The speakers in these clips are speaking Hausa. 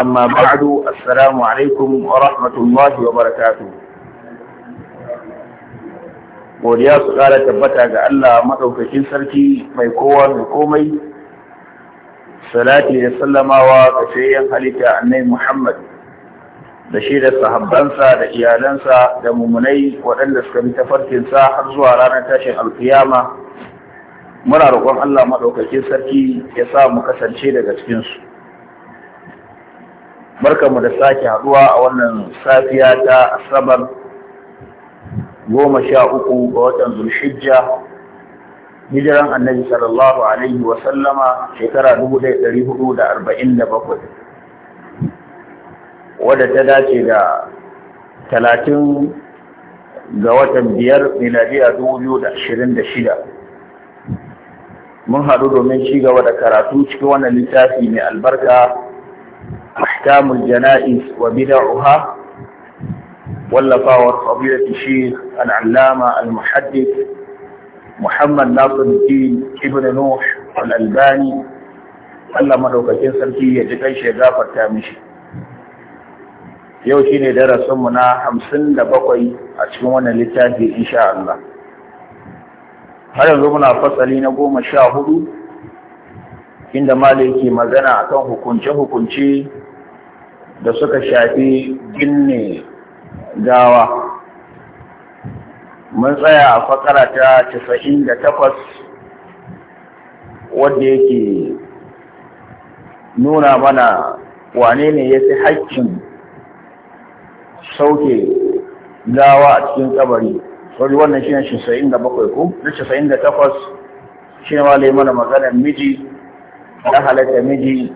أما بعد السلام عليكم ورحمة الله وبركاته godiya su ƙara tabbata ga Allah maɗaukakin sarki mai kowa mai komai salati da sallamawa ga shayyan halitta annai Muhammad da shi da sahabbansa da iyalansa da mummunai waɗanda suka bi tafarkinsa har zuwa ranar tashin alkiyama muna roƙon Allah maɗaukakin sarki ya sa mu kasance daga cikinsu barkanmu da sake haduwa a wannan safiya ta asabar goma sha uku ga watan zulhijja hijiran annabi sallallahu alaihi wa sallama shekara dubu ɗaya ɗari hudu da arba'in da bakwai wadda ta dace da talatin ga watan biyar miladiya dubu biyu da ashirin da shida mun haɗu domin ci gaba da karatu cikin wannan littafi mai albarka أحكام الجنائز وبدعها واللفاوة فضيلة الشيخ العلامة المحدث محمد ناصر الدين ابن نوح الألباني Allah sarki ya ji kai shi gafarta mishi yau shine darasin mu na bakwai a cikin wannan littafi insha har yanzu muna fasali na hudu, inda malai yake magana akan hukunce hukunce da suka shafi binne gawa mun tsaya a fakara ta takwas. wadda yake nuna mana wane ne ya fi haƙƙin sauke gawa a cikin kabari wani wannan shi ne bakwai ko na 98 shi ne wale mana maganar miji ya halatta miji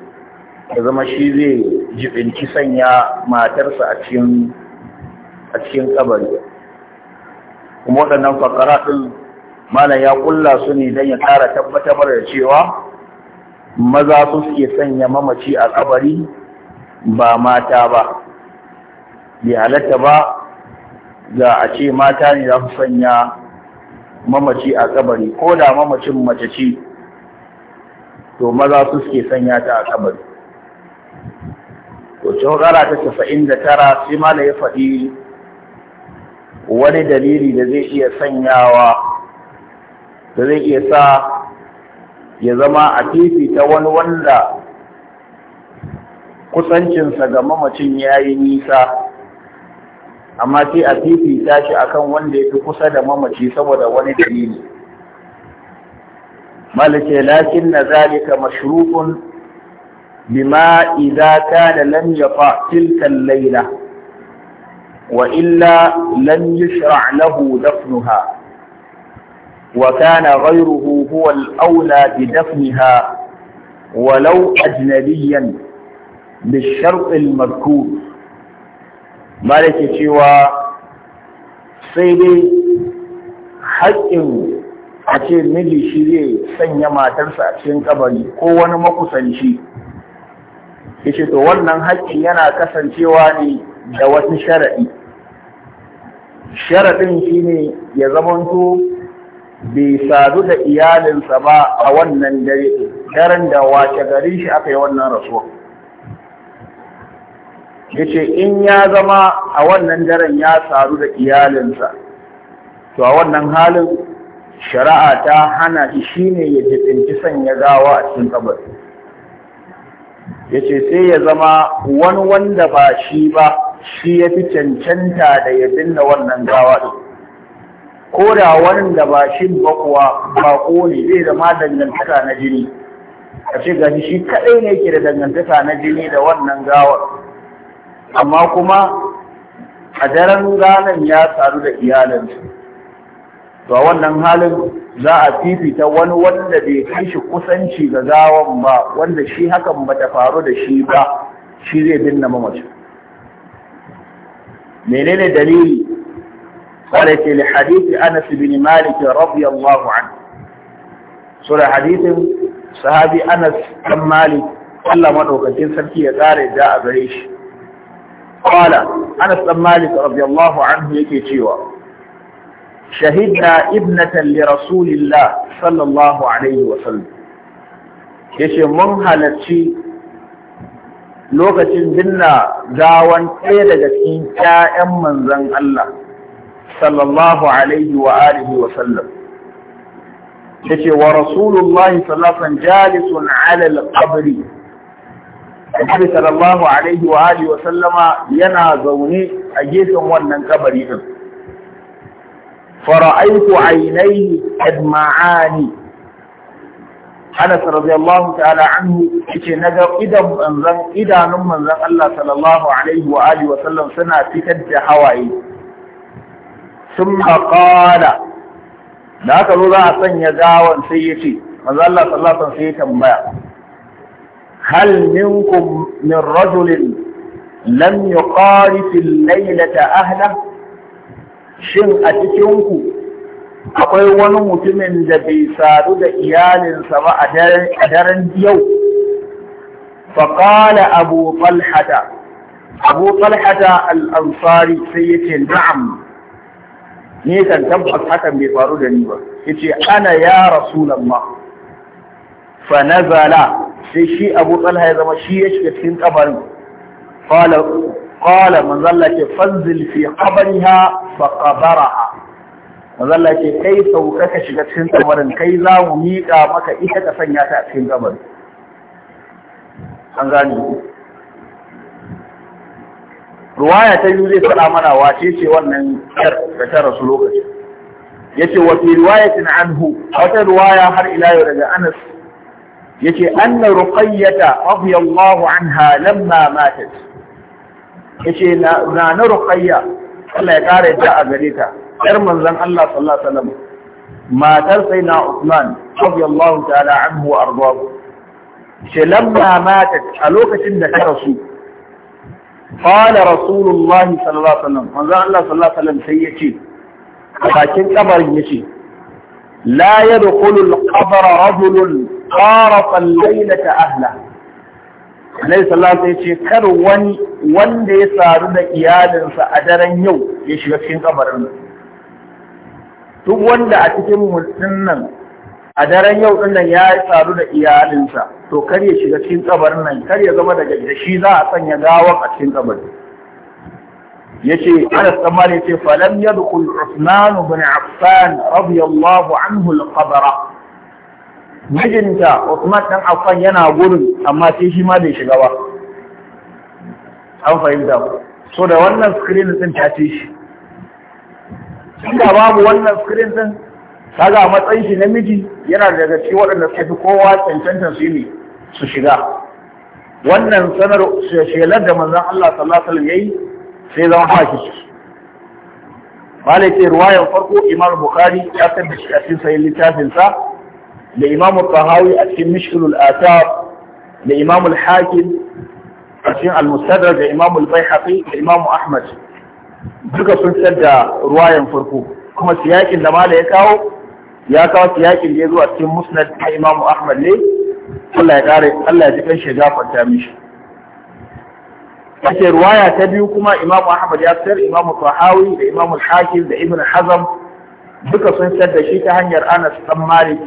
ya zama shi zai jibinci sanya matarsa a cikin a kabari kuma waɗannan fakara ɗin malam ya kulla su ne don ya ƙara tabbatar da cewa maza su suke sanya mamaci a kabari ba mata ba bai halatta ba ga a ce mata ne za su sanya mamaci a kabari ko da mamacin mace ce to maza su suke sanya ta a kabari to shekara ta casa'in da tara sai malam ya faɗi wani dalili da zai iya sanyawa da zai iya sa ya zama a ta wani wanda kusancinsa ga mamacin ya yi nisa amma sai a fifita shi akan wanda ya fi kusa da mamaci saboda wani dalili malice lakin na zalika mashrufun بما إذا كان لم يطع تلك الليلة وإلا لم يشرع له دفنها وكان غيره هو الأولى بدفنها ولو أجنبيا بالشرط المذكور مالك شوى سيدي حق a ce miji shi zai sanya matarsa a cikin kabari ko wani makusanci yace to wannan haƙƙin yana kasancewa ne da wasu sharaɗi sharaɗin shine ya zamanto bai sadu da iyalinsa ba a wannan dare daren da wace gari shi aka yi wannan rasuwa yace in ya zama a wannan daren ya sadu da iyalinsa to a wannan halin shari'a ta hana shi shine ya jibinci sanya gawa a cikin kabari Ya ce sai ya zama wani wanda ba shi ba shi ya fi cancanta da ya dinna wannan gawa din ko da wani da ba shi ba kuwa bako ne zai zama dangantaka na jini a ce gashi shi kadai ne yake da dangantaka na jini da wannan gawa amma kuma a daren ranar ya sadu da iyalansu to wannan halin za a fifita wani wanda bai kai shi kusanci ga gawan ba wanda shi hakan bata faru da shi ba shi zai binne mamacin menene dalili qala ce li hadisi Anas bin Malik radiyallahu anhu sura hadisin sahabi Anas bin Malik Allah madaukakin sarki ya tsare da a gare shi qala Anas bin Malik radiyallahu anhu yake cewa shahidna ibnatan li rasulillah sallallahu alaihi wa sallam yace mun halarci lokacin binna gawan ɗaya daga cikin ƴaƴan manzon Allah sallallahu alaihi wa alihi wa sallam yace wa rasulullahi sallallahu jalisun ala al-qabri Annabi sallallahu alaihi wa alihi wa sallama yana zaune a gefen wannan kabari din فرأيت عينيه أدمعان حنس رضي الله تعالى عنه إذا نم من ذن الله صلى الله عليه وآله وسلم سنة تكد حوائي ثم قال ذاك الوضع سن يداوى سيتي ماذا الله صلى الله عليه وسلم هل منكم من رجل لم يقارف الليلة أهله shin a cikinku akwai wani mutumin da bai sadu da iyalinsa ba a daren yau faƙala abu falhata abu falhata al'ansari sai yake na'am ne kan tabbas hakan bai faru da ni ba Yace ana ya rasulallah fa nazala sai shi abu talha ya zama shi ya shiga cikin kabarin qala manzo Allah ce fanzil fi qabriha fa qabaraha manzo kai sauka ka shiga cikin kabarin kai za mu miƙa maka ita ka sanya ta a cikin kabarin an gane ruwaya ta yi zai faɗa mana wace ce wannan yar da ta rasu lokacin yace wa fi riwayatin wata har ila daga Anas anna ruqayyata radiyallahu anha lamma yace na na ruqayya Allah ya kare ta a gare ta yar manzon Allah sallallahu alaihi wasallam matar sayyidina Uthman radiyallahu ta'ala anhu wa ardahu ce lamma mata a lokacin da ta rasu qala rasulullah sallallahu alaihi wasallam manzon Allah sallallahu alaihi wasallam sai yace bakin kabarin yace la yadkhulu al-qabra rajulun qarafa al-laylata ahlahu Annabi sallallahu alaihi ce kar wani wanda ya saru da iyalinsa a daren yau ya shiga cikin kabarin duk wanda a cikin mutum nan a daren yau din nan ya saru da iyalinsa to kar ya shiga cikin kabarin nan kar ya zama daga da shi za a sanya gawar a cikin kabarin yace Anas dan Malik yace falam yadkhul Uthman ibn Affan radiyallahu anhu al-qabra mijinta Usman ɗan Affan yana gurin amma sai shi ma bai shiga ba an fahimta ku so da wannan screen din ta ce shi da babu wannan screen din kaga a matsayin shi namiji yana daga cikin waɗanda suka fi kowa cancanta su yi su shiga wannan sanar shelar da manzon Allah sallallahu alaihi wasallam yayi sai zama hakiki malai ce ruwayan farko imam bukhari ya tabbata shi a cikin sayin littafinsa. da Imam Tahawi a cikin Mishkilul Atab da Imam Al-Hakim a cikin Al-Mustadrak da Imam Al-Baihaqi da Imam Ahmad duka sun tsar da ruwayan farko kuma siyakin da mala ya kawo ya kawo siyakin da ya zuwa cikin Musnad ta Imam Ahmad ne Allah ya kare Allah ya ji kan shiga fanta mishi kace ruwaya ta biyu kuma Imam Ahmad ya tsar Imam Tahawi da Imam Al-Hakim da Ibn Hazm duka sun tsar da shi ta hanyar Anas bin Malik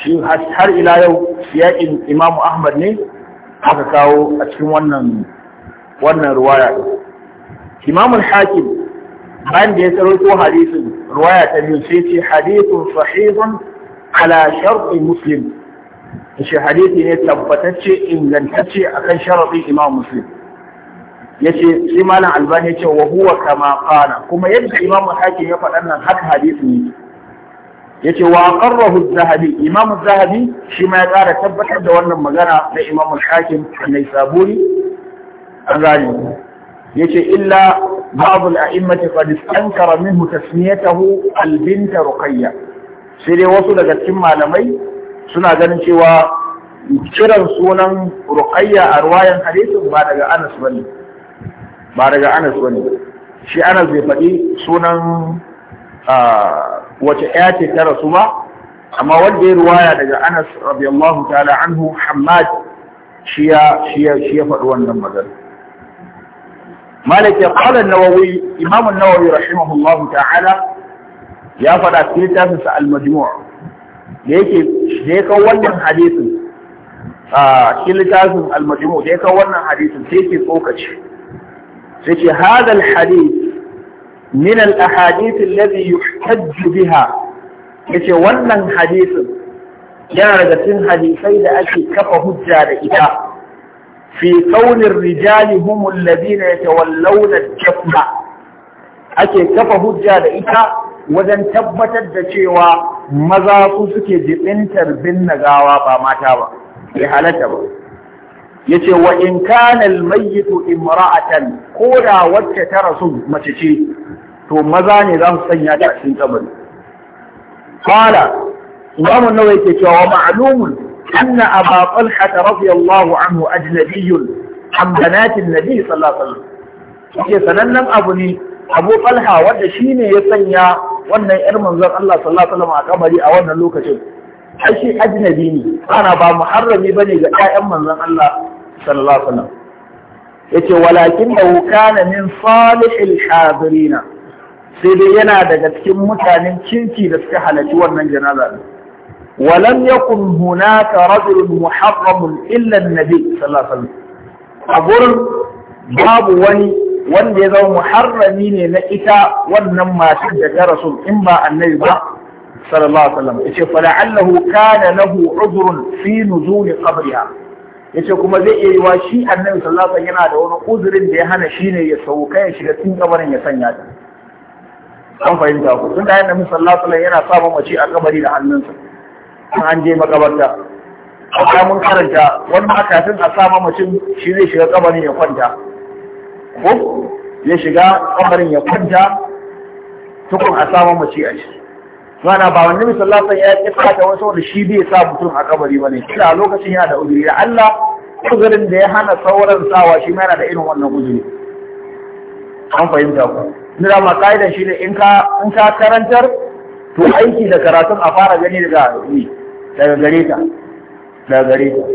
shi har ila yau yaƙin imamu ahmad ne aka kawo a cikin wannan wannan ruwaya imamul hakim bayan da ya tsaro ko hadisin ruwaya ta biyu sai ce hadithun sahihun ala sharɗi muslim shi ne tabbatacce ingantacce akan sharaɗin imam muslim yace sai malam albani ce wa huwa kama qala kuma yadda imam hakim ya faɗa nan haka hadisin ne. yace wa aqarrahu az-zahabi imam az-zahabi shi ma ya kara tabbatar da wannan magana na imam al-hakim mai saburi an gani yace illa ba'd al-a'immati qad istankara minhu tasmiyatahu al-bint ruqayya sai dai wasu daga cikin malamai suna ganin cewa kiran sunan ruqayya a ruwayan hadisi ba daga Anas bane ba daga Anas bane shi Anas bai faɗi sunan wace ɗaya ce ta rasu ba amma wanda ya ruwaya daga Anas radiyallahu ta'ala anhu Hammad shi ya shi ya shi ya faɗi wannan magana Malik ya qala an-Nawawi Imam an-Nawawi rahimahullahu ta'ala ya faɗa cikin tafsir al-Majmu' da yake da yake wannan hadisin a cikin littafin al-Majmu' da yake wannan hadisin sai ke tsokace sai ce hadal hadith min al-ahadith alladhi yuhtajju biha yace wannan hadisin yana daga cikin hadisai da ake kafa hujja da ita fi tsaunin rijali hum alladhina yatawallawna al-jafna ake kafa hujja da ita wajen tabbatar da cewa maza su suke jibintar binne gawa ba mata ba bai ba yace wa in kana al-mayyit imra'atan ko da wacce ta rasu mace ce to maza ne za su sanya da a cikin kabari qala imam an-nawawi yake cewa wa ma'lumun anna aba talha radiyallahu anhu ajnabiyyun an banati an-nabi sallallahu alaihi wasallam yake sanannen abu ne abu talha wanda shine ya sanya wannan yar manzon Allah sallallahu alaihi wasallam a kabari a wannan lokacin ai shi ajnabi ne ana ba muharrami bane ga ƴaƴan manzon Allah sallallahu alaihi wasallam yace walakin da kana min salihil hadirina sai dai yana daga cikin mutanen kinki da suka halarci wannan janaza din walam yakun hunaka rajulun muharramun illa annabi sallallahu alaihi wasallam a gurin babu wani wanda ya zama muharrami ne na ita wannan matar da ta rasul in ba annabi ba sallallahu alaihi wasallam yace fa la'allahu kana lahu fi nuzul qabriha yace kuma zai iya yiwa shi annabi sallallahu alaihi yana da wani uzurin da ya hana shi ne ya kai ya shiga cikin kabarin ya sanya ta an fahimta ku tun da annabi sallallahu alaihi yana sa mace a kabari da hannunsa an an je makabarta a mun karanta wani makafin a sa mamacin shi zai shiga kabarin ya kwanta ko ya shiga kabarin ya kwanta tukun a sa mamaci a ciki Mana ba wani misal lafiyar ya ƙi sata wani saboda shi bai sa mutum a kabari ba ne. Kira a lokacin yana da uzuri da Allah uzurin da ya hana sauran sawa shi ma yana da irin wannan uzuri. An fahimta ku. Ni da ma ka'idar shi ne in ka karantar to aiki da karatun a fara gani daga ni daga gare ta daga gare ta.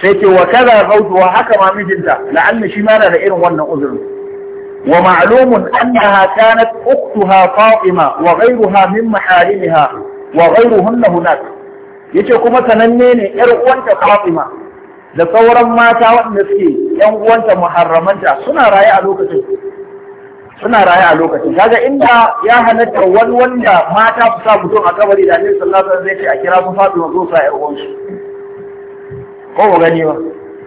Sai ke wa kaza rautu wa haka ma mijinta la'alla shi ma yana da irin wannan uzurin. ومعلوم أنها كانت أختها فاطمة وغيرها من محارمها وغيرهن هناك yace kuma sananne ne ‘yar uwanta Fatima da sauran mata wanda suke ‘yan uwanta muharramanta suna raye a lokacin suna raye a lokacin kaga inda ya halatta wani wanda mata su sa mutum a kabari da Annabi sallallahu alaihi wasallam zai ce a kira su Fatima zo sa ‘yar uwansu ko ba gani ba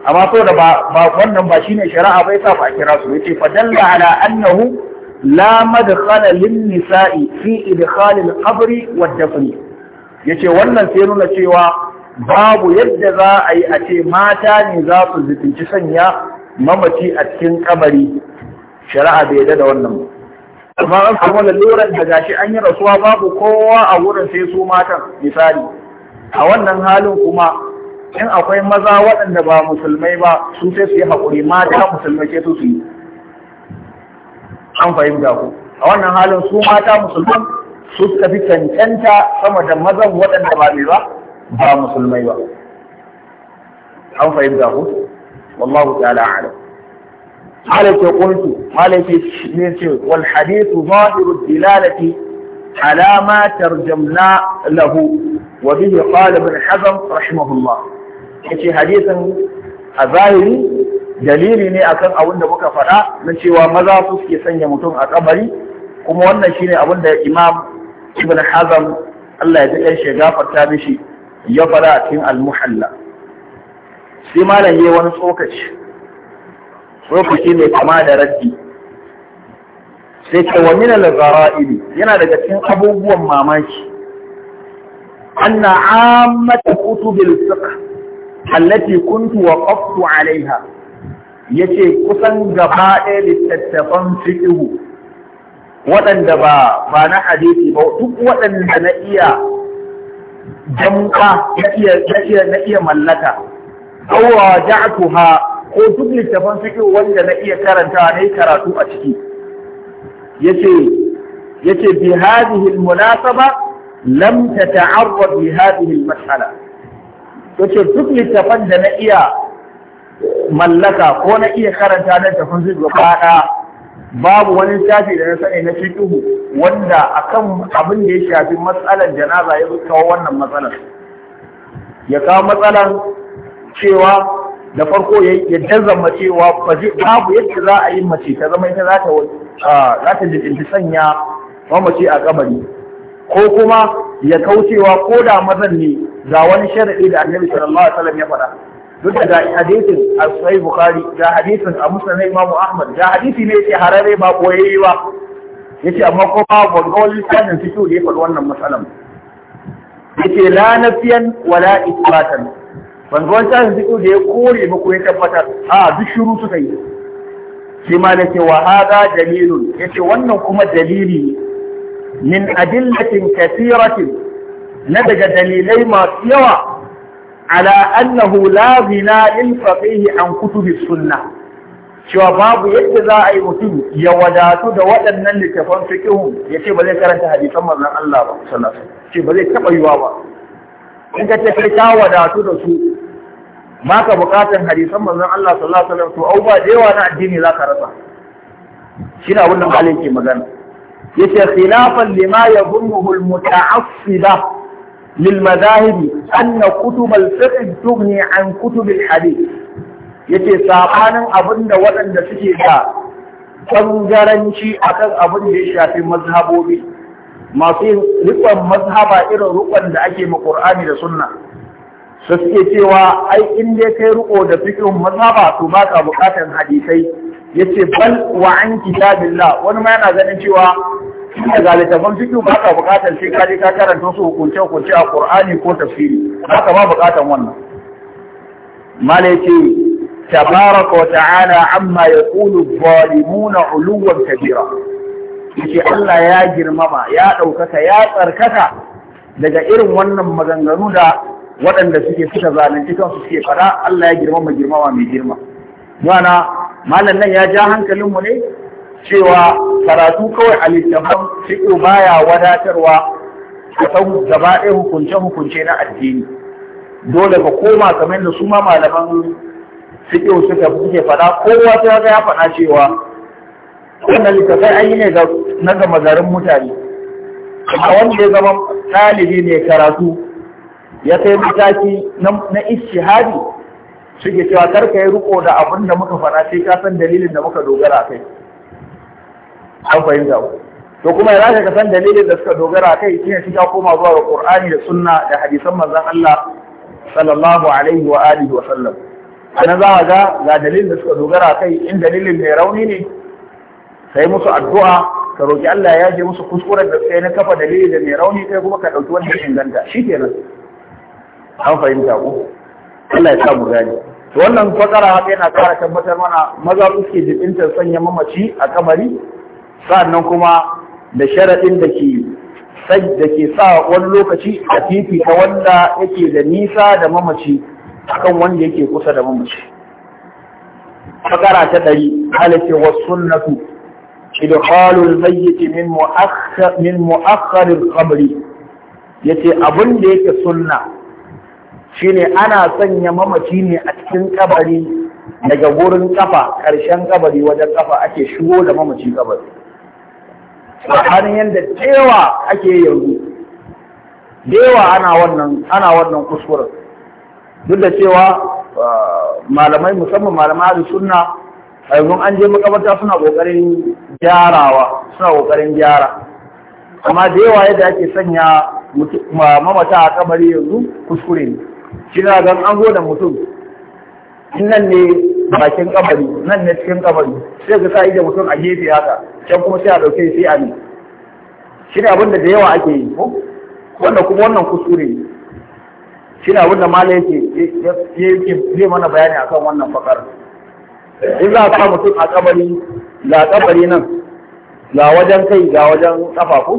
amma so da ba wannan ba shine shari'a bai sa ba kira su yace fa dalla ala annahu la madkhala lin nisa'i fi idkhal al qabr wa dafn yace wannan sai nuna cewa babu yadda za a yi a ce mata ne za su zikinci sanya mamaci a cikin kabari shari'a bai yadda da wannan amma an samu lalurar da gashi an yi rasuwa babu kowa a wurin sai su matan misali a wannan halin kuma in akwai maza waɗanda ba musulmai ba su sai su yi haƙuri mata musulmai ke su su yi an fahimta ku a wannan halin su mata musulman su suka fi cancanta sama da mazan waɗanda ba mai ba ba musulmai ba an fahimta ku wallahu ta'ala a'lam malai ke kuntu malai ke ne ce wal hadithu zahiru dilalati على ما ترجمنا له وبه قال ابن حزم رحمه الله ce hadisin a zahiri dalili ne akan abin da muka faɗa na cewa maza su suke sanya mutum a kabari kuma wannan shine abin da Imam Ibn Hazm Allah ya ji shi gafarta mishi ya faɗa a cikin almuhalla. sai malam yayi wani tsokaci tsokaci mai kama da raddi sai ce wa min al-zara'ib yana daga cikin abubuwan mamaki anna ammat kutubil fiqh allati kuntu waqaftu alaiha yace kusan gaba ɗaya littattafan fiqhu waɗanda ba ba na hadisi ba duk waɗanda na iya jamka na iya na iya na ha, mallaka ko duk littattafan fiqhu wanda na iya na nayi karatu a ciki yace yace bi hadhihi munasaba lam tata'arrad bi hadhihi masala yace duk littafan da na iya mallaka ko na iya karanta na tafin zai gaba babu wani shafi da na sani na fiqhu wanda akan abin da ya shafi matsalar janaza ya kawo wannan matsalar ya kawo matsalar cewa da farko ya jazama cewa babu yadda za a yi mace ta zama ita za ta za ta jibinci sanya mamaci a kabari ko kuma ya kaucewa ko da mazan ne ga wani sharadi da annabi sallallahu alaihi wasallam ya faɗa duk da hadisin a sahih bukhari ga hadisin a musnad imam ahmad ga hadisi ne yake harare ba koyayye ba yace amma ko ba wani sanin su da ya faɗi wannan matsalan yace la nafiyan wala isbatan ban gwagwalin sanin fito da ya kore muku ya tabbatar a duk shiru suka yi shi ma nake wa hada dalilun yace wannan kuma dalili ne min adillatin kathiratin na daga dalilai masu yawa ala annahu la ghina in faqih an kutubi sunna cewa babu yadda za a yi mutum ya wadatu da waɗannan littafan fiqhu ya ce ba zai karanta hadisan manzon Allah ba sallallahu alaihi ce ba zai taba yiwa ba in ka ce sai ka wadatu da su ka buƙatar hadisan manzon Allah sallallahu alaihi wasallam to au ba da yawa na addini za ka rasa shine abin da malam ke magana yace khilafan lima yadhunnuhu al-muta'assiba للمذاهب أن كتب الفقه تغني عن كتب الحديث yace sabanin abin da waɗanda suke da ɓangaranci akan abin da ya shafi mazhabobi masu rikon mazhaba irin riƙon da ake ma ƙur'ani da Sunna su suke cewa ai in dai kai riko da fiqhin mazhaba to ba ka bukatan hadisai yace bal wa an kitabillah wani ma yana ganin cewa daga littafin fiqh ba ka buƙatar sai ka ka karanta su hukunce hukunce a kur'ani ko tafsiri ba ka ba bukatar wannan malaki tabaraka wa ta'ala amma ya yaqulu zalimuna uluwan kabira yace Allah ya girmama ya ɗaukaka ya tsarkaka daga irin wannan maganganu da waɗanda suke suka zalunci kansu suke fada Allah ya girmama girmama mai girma yana malam nan ya ja hankalinmu ne cewa karatu kawai a littafan fiƙo baya wadatarwa a san gaba ɗaya hukunce-hukunce na addini dole ka koma kamar da su ma malaman fiƙo suka fuke faɗa kowa ta ga ya faɗa cewa wannan littafai an yi ne na gama garin mutane a wanda ya zama ɗalibi ne karatu ya kai mataki na ishihadi suke cewa karka yi riko da abin da muka faɗa sai ka san dalilin da muka dogara kai an fahimta ku to kuma ya zaka san dalilin da suka dogara kai shine shi ya koma zuwa ga Qur'ani da Sunna da hadisan manzon Allah sallallahu alaihi wa alihi wa sallam ana za ga ga dalilin da suka dogara kai in dalilin mai rauni ne sai musu addu'a ka roki Allah ya ji musu kuskuren da sai na kafa dalilin da mai rauni kai kuma ka dauki wannan inganta shikenan an fahimta ku Allah ya sa mu gani to wannan fakara haka yana kara tabbatar mana maza suke jibintar sanya mamaci a kamari sannan kuma da sharaɗin da ke da ke sa wani lokaci a fifita wanda yake da nisa da mamaci kan wanda yake kusa da mamaci fakara ta ɗari halace wa sunnatu idkhalul mayyit min mu'akhkhar min mu'akhkharil qabri yace abin da yake sunna shine ana sanya mamaci ne a cikin kabari daga wurin kafa ƙarshen kabari wajen kafa ake shigo da mamaci kabari har yadda tsewa ake yanzu dewa ana wannan ana wannan kuskuren duk da cewa ah, malamai musamman malamai da sunna a yanzu an je makabarta suna kokarin gyarawa suna kokarin gyara amma da yawa yadda ake sanya mamata a kamar yanzu kuskure ne shi na gan an zo da mutum in nan ne bakin kabari nan ne cikin kabari sai ga sai da mutum a gefe haka can kuma sai a dauke sai a ne shi ne abin da da yawa ake yi ko wanda kuma wannan kuskure shi ne abin da mala yake yake zai mana bayani akan wannan fakar in za ka mutum a kabari ga kabari nan ga wajen kai ga wajen kafafu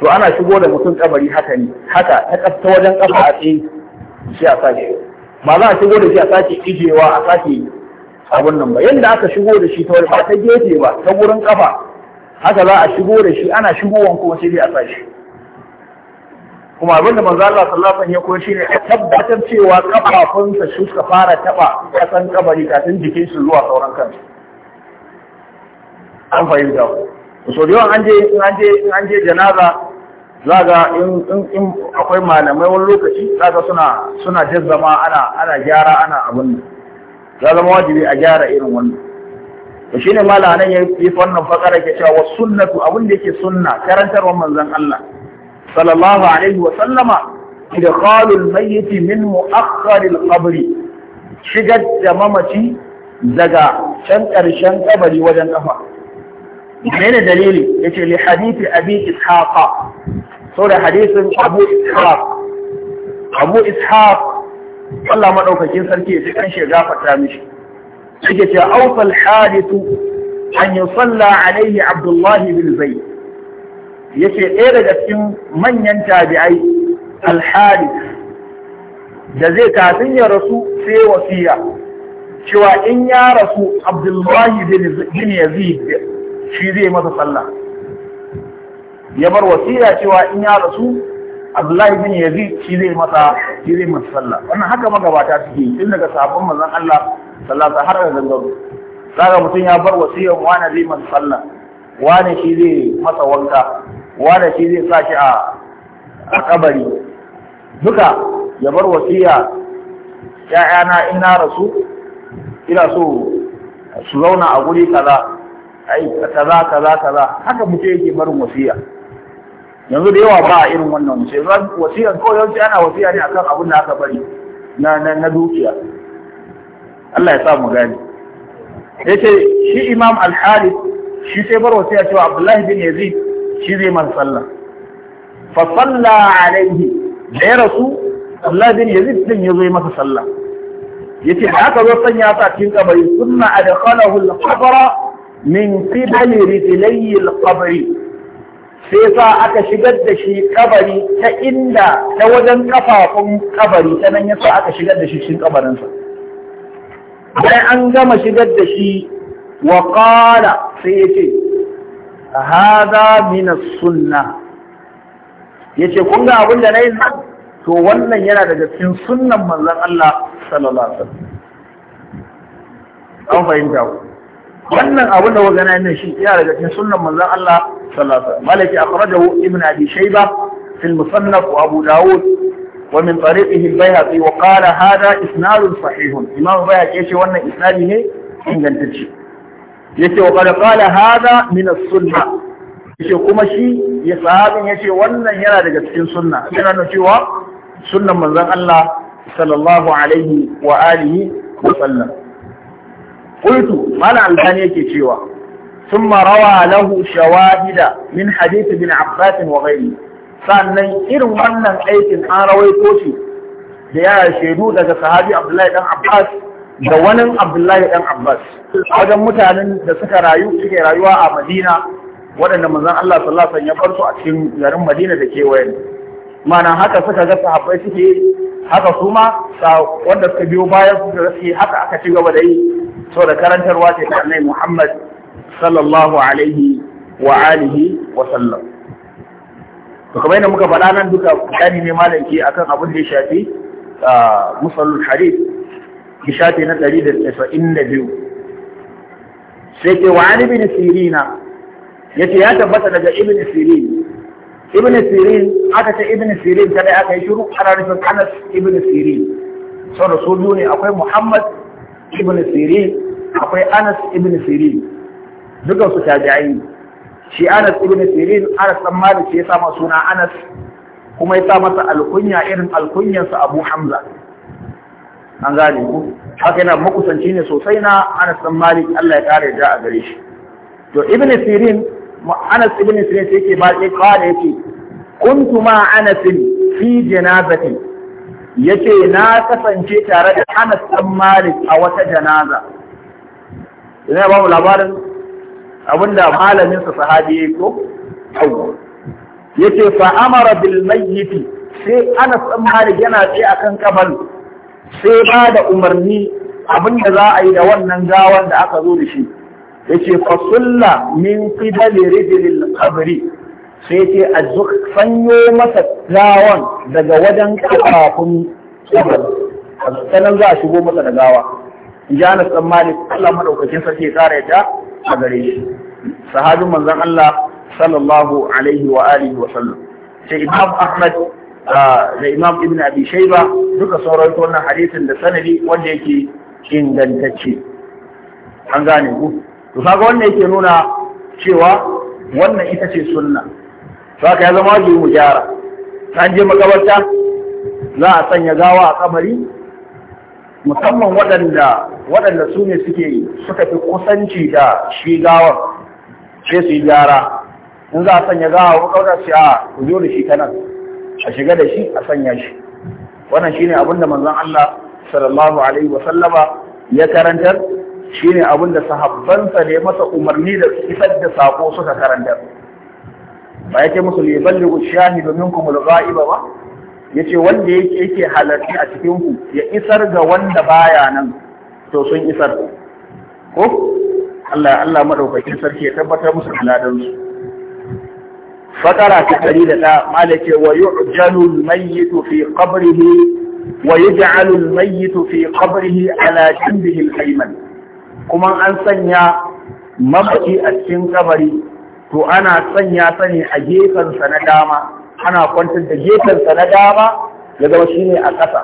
to ana shigo da mutum kabari haka ne haka ta kasta wajen kafa a tsaye shi a sake ba za a shigo da shi a sake ijewa a sake abun nan ba yadda aka shigo da shi ta wani ba ta gefe ba ta wurin kafa haka za a shigo da shi ana shigowan kuma sai dai a sashi kuma abinda manzo Allah sallallahu alaihi wasallam ya shine a tabbatar cewa kafafunsa su suka fara taba kasan kabari kafin jikin su zuwa sauran kansu an fahimta ku so da yawan an je in an je in an je janaza za ga in akwai malamai wani lokaci za ga suna suna jazzama ana ana gyara ana abin nan ya zama wajibi a gyara irin wannan to shine mala nan ya yi wannan fakara ke cewa sunnatu abin da yake sunna wa manzon Allah sallallahu alaihi wa sallama idkhalul mayyit min mu'akhkharil qabri shigar da mamaci daga can ƙarshen kabari wajen kafa mene dalili yace li hadithi abi ishaqa saboda hadisin abu ishaq abu ishaq Allah maɗaukakin sarki ya ji kan shi gafarta mishi yake cewa awsal hadithu an yusalla alaihi Abdullahi bin Ya ce ɗaya daga cikin manyan tabi'ai al da zai kafin ya rasu sai wasiya cewa in ya rasu Abdullahi bin Yazid shi zai masa sallah ya bar wasiya cewa in ya rasu Abdullahi bin Yazid shi zai masa shi zai masa sallah wannan haka magabata suke tun daga sabon manzon Allah sallallahu alaihi har da zangaru kaga mutum ya bar wasiyar wani zai masa sallah wani shi zai masa wanka wani shi zai sa shi a a kabari duka ya bar wasiya ya'yana in na rasu ina so su zauna a guri kaza ai kaza kaza kaza haka mutum yake barin wasiya yanzu da yawa ba a irin wannan wuce wasiya ko ana wasiya ne akan abin da aka bari na na na dukiya Allah ya sa mu gani yace shi Imam Al-Harith shi sai bar wasiya cewa Abdullahi bin Yazid shi zai man sallah fa salla alaihi da ya rasu Abdullahi bin Yazid din ya zo masa sallah yace da aka zo sanya sa cikin kabari sunna adkhalahu al-qabra min qibali rijlayhi al-qabri sai sa aka shigar da shi kabari ta inda ta wajen kafafun kabari ta nan yasa aka shigar da shi cikin kabarinsa Sai an gama shigar da shi wa qala sai yace hada min sunna. yace kun ga abin da nayi nan to wannan yana daga cikin sunnan manzon Allah sallallahu alaihi wasallam an fahimta wannan abin da wagana yana shi yana daga cikin sunnan manzon Allah sallallahu alaihi wasallam malaki akhrajahu ibn abi shayba fi al-musannaf wa abu daud wa min tariqihi al-bayhaqi wa qala hada isnadun sahihun imam bayhaqi yace wannan isnadi ne ingantacce yace wa qala qala hada min as-sunnah yace kuma shi ya sahabin yace wannan yana daga cikin sunna yana nuna cewa sunnan manzon Allah sallallahu alaihi wa alihi wa sallam qultu mala alhani yake cewa thumma rawa lahu shawahida min hadith bin abbas wa ghairi sannan irin wannan aikin an rawai shi da ya shaidu daga sahabi abdullahi dan abbas da wani abdullahi dan abbas wajen mutanen da suka rayu suke rayuwa a madina waɗanda mazan Allah sallallahu alaihi wasallam ya bar su a cikin garin madina da kewayen mana haka suka ga sahabbai suke haka kuma wanda suka biyo bayan suka ga haka aka ci gaba da yi so da karantarwa ce ta annabi Muhammad sallallahu alaihi wa alihi wa sallam to kamar yadda muka faɗa nan duka bayani ne malaki akan abin da ya shafi musallul hadith ki shafi na 192 sai ke wa ibn sirina yace ya tabbata daga ibn sirin ibn sirin aka ce ibn sirin kada aka yi shiru ana nufin Anas ibn sirin sau da su ne akwai Muhammad ibn sirin akwai anas ibn sirin dukan su tabi'ai shi anas ibn sirin anas dan malik ya sa masa suna anas kuma ya sa masa alkunya irin sa abu hamza an gane ku haka yana makusanci ne sosai na anas dan malik Allah ya kare da a gare shi to ibn sirin anas ibn sirin sai yake ba ya kare yake kuntu ma anas fi janazati yace na kasance tare da Anas ɗan Malik a wata janaza ina ba mu labarin abinda malamin sa sahabi ko yace fa amara bil mayyit sai Anas ɗan Malik yana tsaye akan kabal sai ba da umarni abinda za a yi da wannan gawan da aka zo da shi yace fa sulla min qibali rijlil qabri sai ce a sanyo masa gawan daga wajen kafafun A sanan za a shigo masa da gawa in ji Anas dan Malik Allah madaukakin sarki ya tsara yadda a gare shi sahabin manzan Allah sallallahu alaihi wa alihi wa sallam sai Imam Ahmad ah, da Imam Ibn Abi shaiba duka sauran wannan hadisin da sanadi wanda yake ingantacce an gane ku to kaga wannan yake nuna cewa wannan ita ce sunna to aka ya zama wajibi mu gyara an je makabarta za a sanya gawa a kamari musamman waɗanda waɗanda su ne suke suka fi kusanci da shi gawar sai su yi gyara in za a sanya gawa a kautar shi a ku zo da shi ta nan a shiga da shi a sanya shi wannan shine abin da manzon Allah sallallahu alaihi wa sallama ya karantar shine abin da sahabbansa ne masa umarni da isar da sako suka karantar ba yake musu li ballighu shahidu minkum al-ghaiba ba yace wanda yake yake halarci a cikin ku ya isar ga wanda baya nan to sun isar ko Allah Allah madaukakin sarki ya tabbatar musu aladan su fakara ta dari da da malake wa yu'jalu al-mayyit fi qabrihi wa yuj'alu al-mayyit fi qabrihi ala janbihi al-ayman kuma an sanya mamaci a cikin kabari to ana sanya sani a gefensa na dama ana kwantar da gefensa na dama ya zama shi ne a ƙasa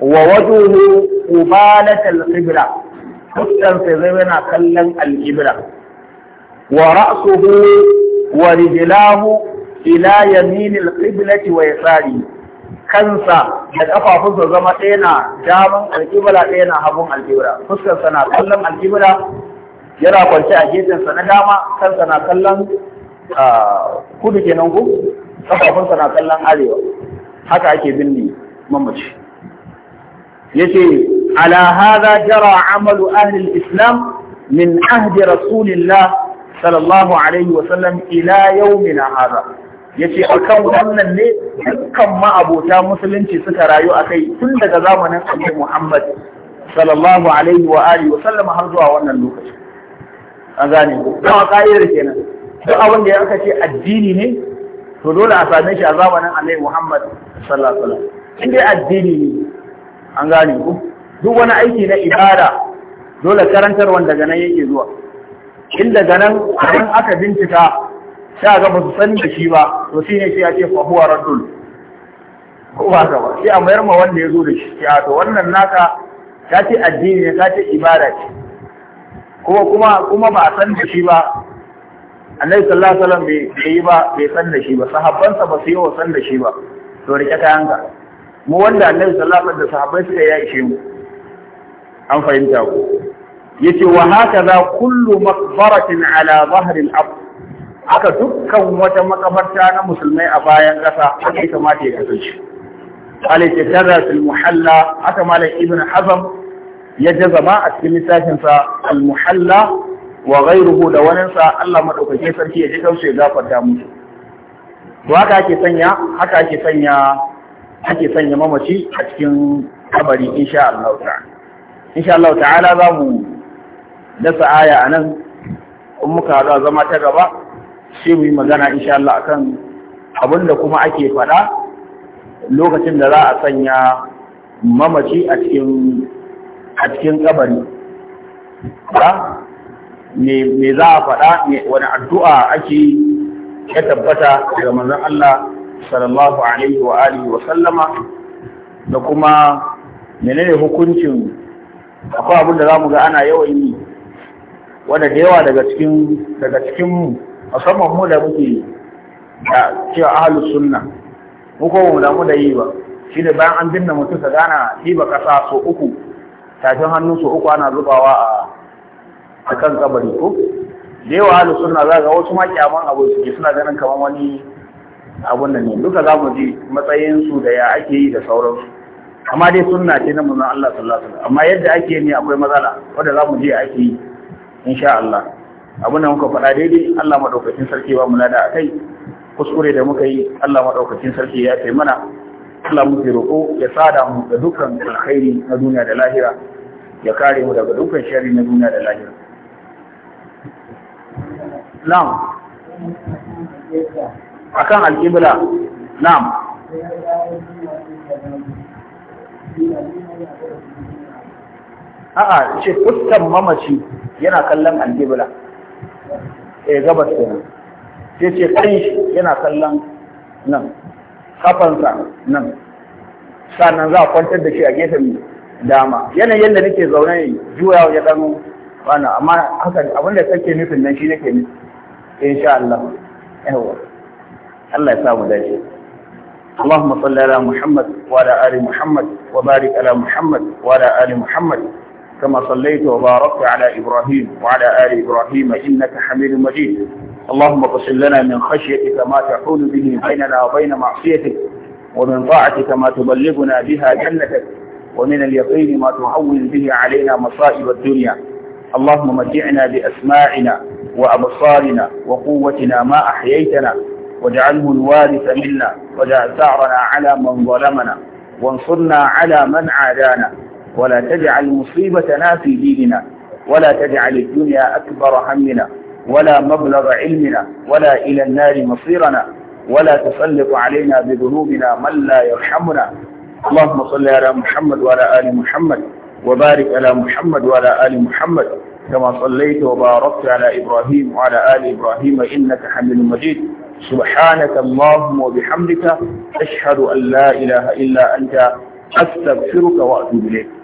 wa wajuhu qubalatal qibla fuskansa zai yana kallon al-qibla wa ra'suhu wa rijlahu ila yaminil qiblati wa yasari kansa da kafafunsa zama ɗaya na daman al-qibla ɗaya na hagun al-qibla na kallon al-qibla yana kwance a gefensa na dama kansa na kallon kudu kenan ku, kafafunsa na kallon arewa haka ake binne mamaci yace ala hadha jara amalu ahli islam min ahdi rasulillah sallallahu alaihi wa sallam ila yawmina hadha yace akan wannan ne dukkan ma'abota musulunci suka rayu akai tun daga zamanin annabi Muhammad sallallahu alaihi wa alihi wa sallam har zuwa wannan lokaci an gane kuma ka'idar kenan duk abin da ya aka ce addini ne to dole a same shi a zamanin Annabi Muhammad sallallahu alaihi wasallam in dai addini ne an gane ku duk wani aiki na ibada dole wanda daga nan yake zuwa in daga nan an aka bincika sai ga ba su san da shi ba to shine sai ya ce fa huwa raddul ko ba ka ba sai a mayar ma wanda ya zo da shi ya to wannan naka ka ce addini ne ka ce ibada ce kuma kuma kuma ba san da shi ba annabi sallallahu alaihi wasallam bai yi ba bai san da shi ba sahabbansa ba su yi wa san da shi ba to rike kayanka mu wanda annabi sallallahu alaihi wasallam da sahabbai suka ya ishe mu an fahimta ku yace wa hakaza kullu maqbaratin ala dhahri al-ard aka dukkan wata makabarta na musulmai a bayan kasa haka kamata ya kasance alai kaza fil muhalla aka malam ibn hazm ya jazama a cikin lissafinsa al-muhalla wa ghayruhu da waninsa Allah madaukake sarki ya ji kauce gafarta musu to haka ake sanya haka ake sanya ake sanya mamaci a cikin kabari insha Allah ta'ala insha Allah ta'ala za mu dasa aya anan in muka haɗu zama ta gaba sai mu yi magana insha Allah akan abin da kuma ake faɗa lokacin da za a sanya mamaci a cikin a cikin kabari ba me za a faɗa wani addu'a ake ya tabbata daga manzon Allah sallallahu alaihi wa alihi wa sallama da kuma menene hukuncin akwai abin da za mu ga ana yawan yi wanda da yawa daga cikin daga cikin mu musamman mu da muke da cewa ahlus sunna mu ko mu da mu da yi ba shine bayan an binne mutum ka gana shi ba kasa so uku tafin hannu su uku ana zubawa a kan kabari ko da yawa ahlu sunna za ga wasu ma kyaman abu suke suna ganin kamar wani abun nan ne duka za mu ji matsayin su da ya ake yi da sauransu amma dai sunna ce na manzon Allah sallallahu alaihi wasallam amma yadda ake ne akwai matsala wanda za mu je ake yi insha Allah abin da muka faɗa daidai Allah madaukakin sarki ba mu lada akai kuskure da muka yi Allah madaukakin sarki ya kai mana Allah muke roƙo ya sada mu da dukkan alkhairi na duniya da lahira ya kare mu daga dukkan sharri na duniya da lahira na'am akan al-qibla. na'am a'a ce fuskan mamaci yana kallon al-qibla. eh gabas kenan sai ce kai yana kallon nan kafansa nan sannan za a kwantar da shi a gefen dama yanayin yadda nake zaune ne juya ya dan wani amma hakan abin da kake nufin nan shi nake nufi insha Allah yawa Allah ya samu dace اللهم صل على محمد وعلى آل محمد وبارك على محمد وعلى آل محمد كما صليت وباركت على إبراهيم وعلى آل إبراهيم إنك حميد مجيد اللهم اغسل لنا من خشيتك ما تحول به بيننا وبين معصيتك ومن طاعتك ما تبلغنا بها جنتك ومن اليقين ما تهون به علينا مصائب الدنيا اللهم متعنا بأسماعنا وأبصارنا وقوتنا ما أحييتنا واجعله الوارث منا واجعل ثأرنا على من ظلمنا وانصرنا على من عادانا ولا تجعل مصيبتنا في ديننا ولا تجعل الدنيا أكبر همنا ولا مبلغ علمنا ولا إلى النار مصيرنا ولا تسلط علينا بذنوبنا من لا يرحمنا اللهم صل على محمد وعلى آل محمد وبارك على محمد وعلى آل محمد كما صليت وباركت على إبراهيم وعلى آل إبراهيم إنك حميد مجيد سبحانك اللهم وبحمدك أشهد أن لا إله إلا أنت أستغفرك وأتوب إليك